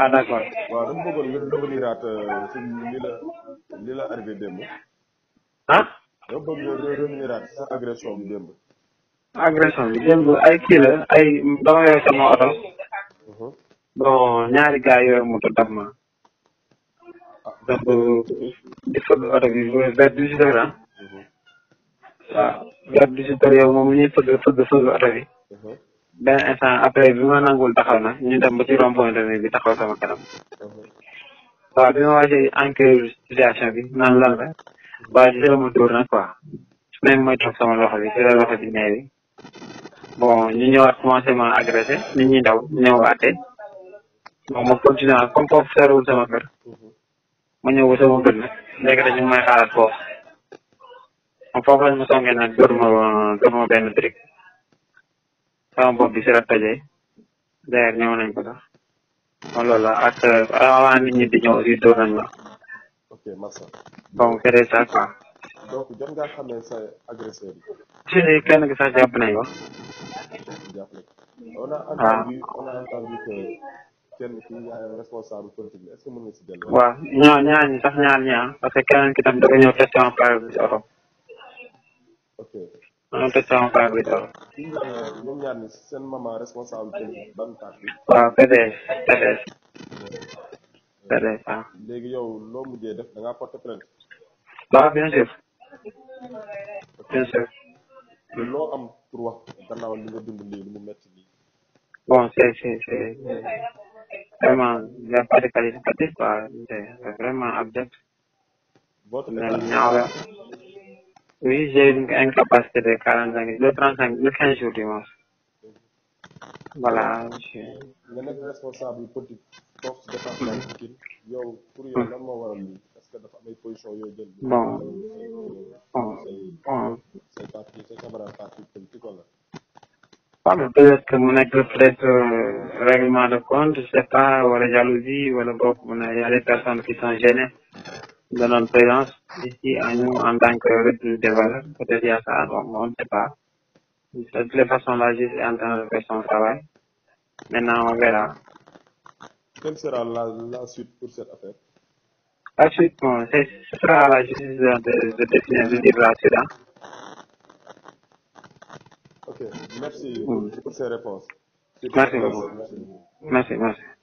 ah d' accord. waaw dama bëggoon nga reveniraat ci la li la arrivé démb. ah. dama bi démb. agression bi démb ay kii la ay dama yore sama oto. Uh-huh. bon ñaari gars yore moto dab ma. di fëgg oto bi vers dix-huit heures ah. Uh-huh. waaw moom mi fëgg fëgg fëgg oto bi. Uh-huh. benn instant après bi ma nanguwul taxaw na ñu dem ba ci rond point bi bi sama kanam waaw bi ma wàccee enquête situation bi naan lan la waaye ci la ma nag quoi même mooy toog sama loxo bi ci loxo bi nee bon ñu ñëwaat commencé ma agressé nit ñi daw ñëw àtte bon ma continué ak comme foofu seerul sama kër ma ñëw ba sama kër nag dañu may xaaraat foofu foofu lañ ma songee nag dóor ma benn brique sama bopp bi si la tojee nañ ko sax moom loolu ak euh, avant nit ñi di ñëw aussi dóor nañ la. ok Massa. donc si ni kenn ki sax jàpp nañ ko. jàpp nañ ko on a ah. entendu a entendu que kenn ki yaayam ñoo ñaar ñi sax si ah. oto. maa ngi toj sama paa bi taw. ñoom ñaar ñi seen maman responsabilité ban parti. waaw PDS PDS. PDS waaw. léegi yow loo mujjee def da ngaa porter plainte. waaw bien sûr. bien sûr. loo am pour wax gannaaw li nga dund lii lu mu métti lii. bon c'est c'est c'est vraiment y a pas de qualificatif quoi c'est vraiment abject. Oui, j'ai une incapacité de 45, de 35, de 15 jours dimanche. Voilà. nga nekk responsable politique toog ci département Pikine bon bon say parti euh, de compte je sais pas wala jalousie wala boog mu ne y a des personnes qui danoon présence ici à nous en tant que recrue des valeurs. Peut-être a ça, on ne sait pas. De toutes les façons, la justice est en son travail. Maintenant, on verra. la, la suite pour cette affaire bon, ce sera à la justice de, de définir le livre à cela. Ok, merci mmh. pour ces